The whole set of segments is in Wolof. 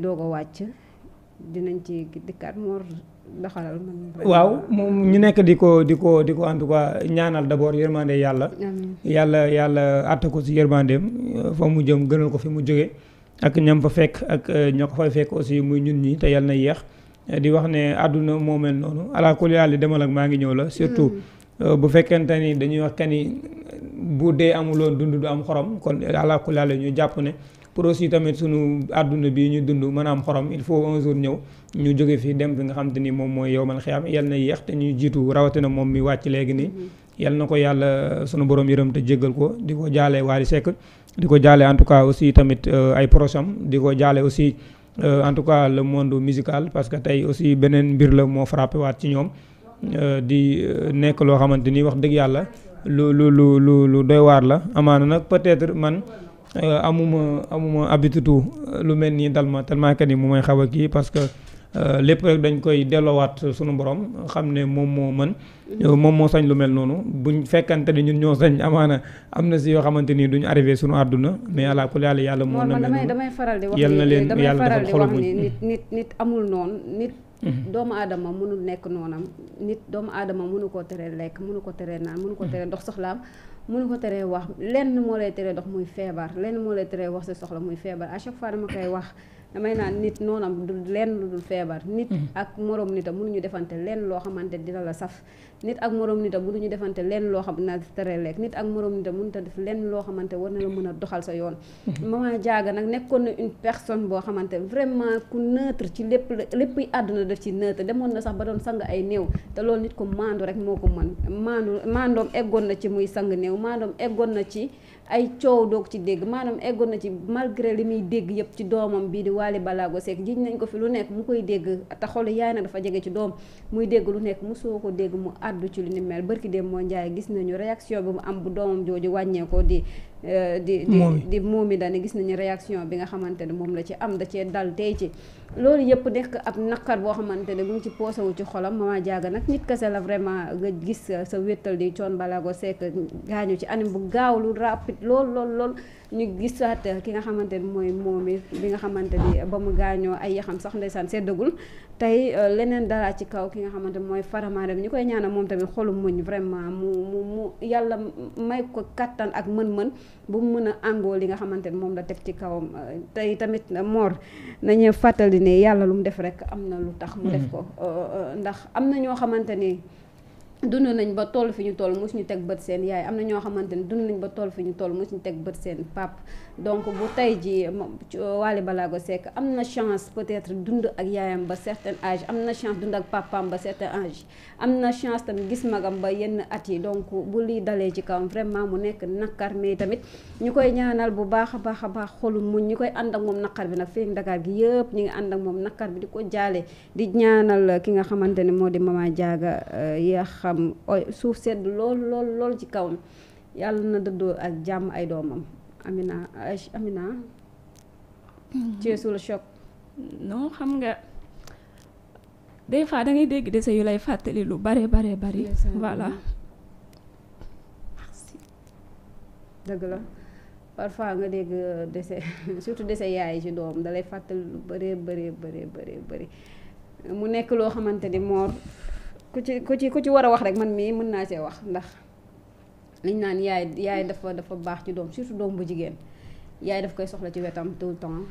doog a wàcc dinañ ci dikkaat Mor doxalal man. waaw moom ñu nekk di ko di ko di ko en tout cas ñaanal d'abord yërmande yàlla. yàlla yàlla àtte ko si yërmandeem fa mu jëm gënal ko fi mu jóge ak ñam fa fekk ak euh, ñoo ko fay fekk aussi muy ñun ñi te yàlla na yéex di wax ne àdduna moo noonu ala kulli yàlla demal ak maa ngi ñëw la. surtout mm. euh, bu fekkente ni dañuy wax que ni bu dee amuloon dund du am xorom kon ala ñu jàpp ne. pour aussi tamit sunu àdduna bi ñu dund maanaam xorom il faut un jour ñëw ñu jóge fii dem fi nga xam te ni moom mooy yowmal xiyaam yal na yéex te ñu jiitu rawatina moom mi wàcc léegi nii mm-hmm. yal na ko yàlla uh, sunu borom yërëm te jéggal ko di ko jaale Wally Seck di ko jaale en tout cas aussi tamit uh, ay procham di ko jaale aussi uh, en tout cas le monde musical parce que tey aussi beneen mbir la moo frappé waat ci ñoom di nekk loo xamante ni wax dëgg yàlla lu lu lu lu doy la amaana nag peut-être man Euh, amuma amuma habitude lu mel nii dal ma tellement que ni mu may xaw a kii parce que euh, lépp rek dañ koy delloowaat sunu borom xam ne moom moo mën. Mm-hmm. Euh, moom moo sañ lu mel noonu buñ fekkante ni ñun ñoo sañ amaana am na si yoo xamante ni duñu arrivé sunu àdduna mais allah yàlla yàlla moo. na mel noonu yal na leen yàlla defal xolu muñ nit nit nit amul noonu nit. Mhm. doomu aadama mënul nekk noonam nit doomu aadama mënu koo teree lekk mënu ko teree naan mënu ko mhm. teree ndox soxlaam mënu ko teree wax lenn moo lay teree ndox muy feebar lenn moo lay teree wax sa soxla muy feebar à chaque fois dama koy wax damay naan nit noonam du lenn lu dul feebar nit mhm. ak moroom nitam mënuñu defante lenn loo xamante dina la saf nit ak morom nita bu duñu defante lenn loo xam na tere lekk nit ak morom nita mënut a def lenn loo xamante war na la mën a doxal sa yoon maman Diaga nag nekkoon na une personne boo xamante vraiment ku neutre ci lépp lépp àdduna def ci neutre demoon na sax ba doon sang ay néew te loolu nit ko maandu rek moo ko mën maandu maandoom eggoon na ci muy sang néew maandoom eggoon na ci ay coow doog ci dégg maanaam eggoon na ci malgré li muy dégg yëpp ci doomam bii di Wally Ballago Seck jiñ nañ ko fi lu nekk mu koy dégg te xolu yaay na dafa jege ci doom muy dégg lu nekk mu soo ko dégg mu àdd àddu ci lu ni mel barki dem moo njaay gis nañu réaction bu mu am bu doomam jooju wàññeekoo di Euh, di di di moomi dana gis nañu réaction bi nga xamante ne moom la ci am da cee dal tey ci loolu yëpp nekk ab naqar boo xamante ne mu ngi ci poosawu ci xolam Mama Diaga nag nit kese la vraiment nga gis sa wéttal di Thione Ballago Seck gaañu ci anam bu gaaw lu rapide lool lool lool ñu gisaat ki nga xamante ne mooy moomi bi nga xamante ni ba mu gaañoo ay yaxam sax ndeysaan seddagul tey euh, leneen dara ci kaw ki nga xamante mooy faramaare bi ñu koy ñaanal moom tamit xolu muñ vraiment mu mu mu yàlla may ko kattan ak mën-mën bu mu mën a àngoo li nga xamante ne moom la teg ci kawam euh, tey tamit euh, Mor nañu fàttali ne yàlla lu mu def rek am na lu tax mu def mm-hmm. ko euh, ndax am na ñoo xamante ne dund nañ ba toll fi ñu toll mosu ñu teg bët seen yaay am na ñoo xamante ne dund nañ ba toll fi ñu toll mosu ñu teg bët seen pap donc bu tey ji balaa euh, Ballago Seck am na chance peut-être dund ak yaayam ba certain âge am na chance dund ak papam ba certain âge am na chance tamit gis magam ba yenn at yi donc bu lii dalee ci kawam vraiment mu nekk naqar mais tamit ñu koy ñaanal bu baax a baax a baax xolu mu ñu koy ànd ak moom naqar bi nag fii Dakar gi yëpp ñu ngi ànd ak moom naqar bi di ko jaale di ñaanal ki nga xamante ne moo di Mama Diaga euh, yéex am suuf sedd lool lool lool ci kawam yàlla na dëddoo ak jàmm ay doomam Amina Amina. Mm-hmm. tu es sous xam nga des fois dégg dese yu lay fàttali lu bare bare bari. voilà. dëgg la parfois nga dégg dese surtout dese yaay ci doom dalay fàttali lu bëree bëree bëree bëree bëri mu nekk loo xamante ni moor ku ci ku ci ku ci war a wax rek man mii mën naa see wax ndax liñ naan yaay yaay dafa dafa baax ci doom surtout doom bu jigéen yaay daf koy soxla ci wetam tout le temps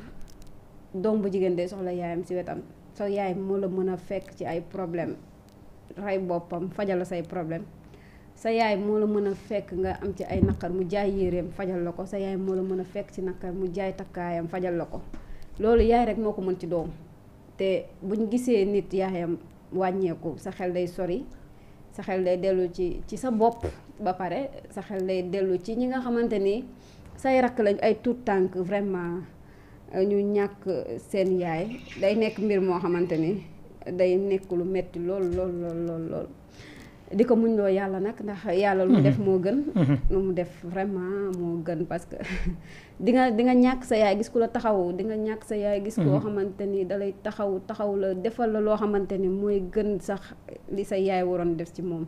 doom bu jigéen day soxla yaayam ci wetam soo yaay moo mën a fekk ci ay problème rey boppam fajal la say problème sa yaay moo la mën a fekk nga am ci ay naqar mu jaay yéreem fajal la ko sa yaay moo la mën a fekk ci naqar mu jaay takkaayam fajal la ko loolu yaay rek moo ko mën ci doom te buñ gisee nit yaayam wàññeeku sa xel day sori sa xel day dellu ci ci sa bopp ba pare sa xel day dellu ci ñi nga xamante ni say rakk lañ ay tuut tànk vraiment euh, ñu ñàkk seen yaay day nekk mbir moo xamante ni day nekk lu metti lool lool lool lool lool di ko muñ loo yàlla nag ndax yàlla lu mu def mhm. moo gën mhm. lu mu def vraiment moo gën parce que di nga di nga ñàkk sa yaay gis ku la taxaw di nga ñàkk sa yaay gis koo mhm. xamante ni dalay taxaw taxaw la defal la loo xamante ni mooy gën sax li sa yaay waroon def ci moom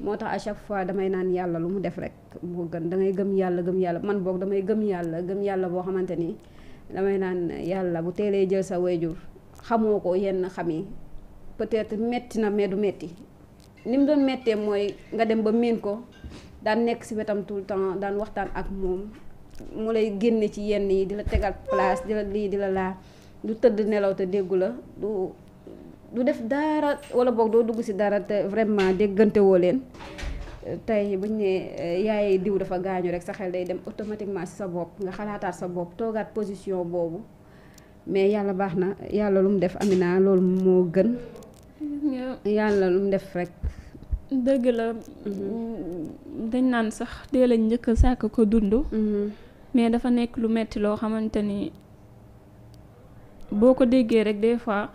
moo tax à chaque fois damay naan yàlla lu mu def rek moo gën dangay gëm yàlla gëm yàlla man boog damay gëm yàlla gëm yàlla boo xamante ni damay naan yàlla bu teelee jël sa wayjur xamoo ko yenn xam yi peut-être metti na mais du metti li mu doon méttee mooy nga dem ba miin ko daan nekk si wetam tout le temps daan waxtaan ak moom mu lay génne ci yenn yi di la tegal place di la lii di la laa du tëdd nelaw te déggu la du def dara wala boog doo dugg si dara te vraiment déggantewoo leen tey bu ne nee eh, yaay diw dafa gaañu rek sa xel day dem automatiquement si sa bopp nga xalaataat sa bopp toogaat position boobu mais yàlla baax na yàlla lu mu def Amina loolu moo gën. yàlla lu mu def rek dëgg la. Mhm. dañ naan sax dee lañ njëkk a sàkk ko dund. Mhm. mais dafa nekk lu metti loo xamante ni boo ko déggee rek des fois.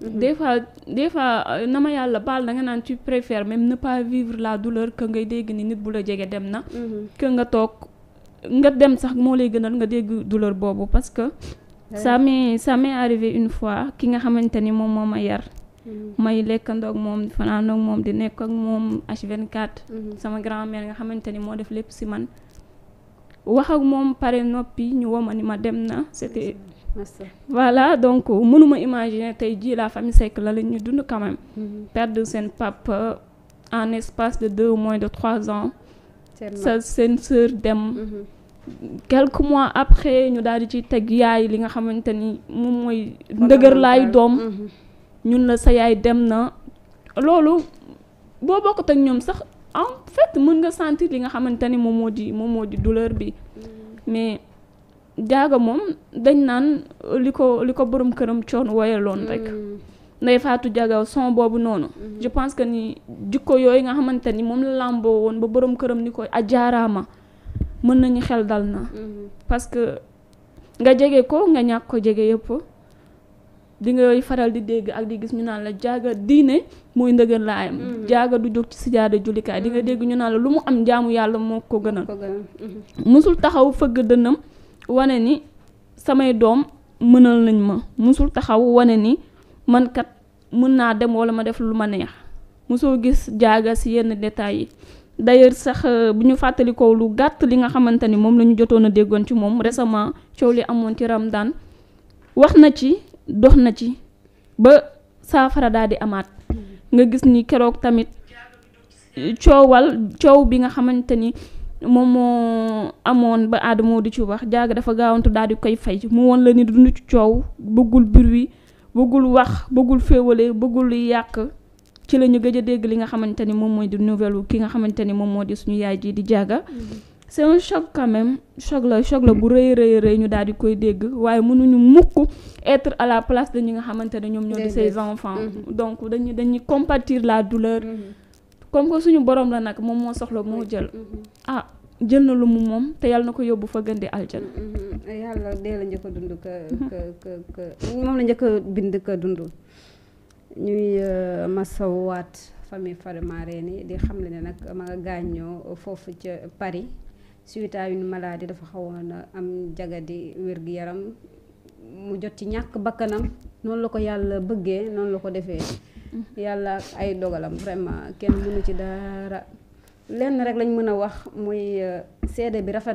Mhm. des fois des fois euh, na ma yàlla baal da nga naan ci préfères même ne pas vivre la douleur que ngay dégg ni nit bu la jege dem na. kër nga toog nga dem sax moo lay gënal nga dégg douleur boobu parce que. ça m'est ça m'est arrivé une fois ki nga xamante ni moom moo ma yar. Mhm. may lekkandoog moom fanaandoog moom di nekk ak moom h quatre mhm. sama grand-mère nga xamante ni moo def lépp si man wax ak moom pare noppi ñu woo ma ni ma dem na c'était voilà donc mënuma imaginer tey jii la famille Seck la la ñu dund quand même. Mhm. perdre seen papa en espace de deux mois de trois ans. sa seen sœur dem. quelques mois après ñu daal di ci teg yaay li nga xamante ni moom mooy. ndëgër laay doom. ñun la sa yaay dem na loolu boo ko ak ñoom sax en fait mën nga sentir li nga xamante ni moom moo di moom moo di douleur bi mm. mais jaaga moom dañ naan li ko li ko borom këram coon loon rek. Mm. Ndeye faatu Diaga son boobu noonu. Mm-hmm. je pense que ni jikko yooyu nga xamante ni moom la làmboo woon ba boroom këram ni ko ajaaraama mën nañu xel dal na. Mm-hmm. parce que nga jege ko nga ñàkk ko jege yëpp. di ngay faral di dégg ak di gis ñu naan la jaaga diine mooy ndëgër laayam mm. jaaga du jóg ci sijaada jullikaay di nga mm. dégg ñu naan la lu mu am njaamu yàlla moo ko gënal mm-hmm. musul taxaw fëgg dënam wane ni samay doom mënal nañ ma mosul taxaw wane ni mankat mën naa dem wala ma def lu ma neex musoo gis jaaga ci yenn détails yi d'ailleurs sax euh, bu ñu fàttalikoo lu gàtt li nga xamante ni moom la ñu jotoon a déggoon ci moom récemment coow li amoon ci Ramadan wax na ci dox na ci ba saafara daal di amaat nga gis ni keroog tamit coowal coow bi nga xamante ni moom moo amoon ba aadamoo di ci wax jaaga dafa gaawantu daal koy fay mu woon la ni dund ci coow bëggul bruit bëggul wax bëggul féewale bëggul yàq ci la ñu a dégg li nga xamante ni moom mooy di nouvelle ki nga xamante ni moom moo di suñu yaay ji di jaaga mm-hmm. c'est un choc quand même choc la choc la bu rëy rëy rëy ñu daal di koy dégg waaye mënuñu mukk être à la place de ñi nga xamante ne ñoom ñoo di ses enfants mm-hmm. donc dañu dañuy compatir la douleur mm-hmm. comme que suñu borom la nag moom moo soxla moo jël mm-hmm. ah jël na lu mu moom te yàlla na ko yóbbu fa gën di aljana yàlla dee la njëkk a dund ka ka ka moom la njëkk a bind ka dund ñuy euh, masawaat famille Fadema Reyni di xam le ne nag ma gaañoo foofu ca Paris suite à une maladie dafa xawoon am jagadi wér-gu-yaram mu jot ci ñàkk bakkanam noonu la ko yàlla bëggee noonu la ko defee mhm. yàlla ay dogalam vraiment kenn mënu ci dara lenn rek lañ mën a wax muy euh, seede bi rafet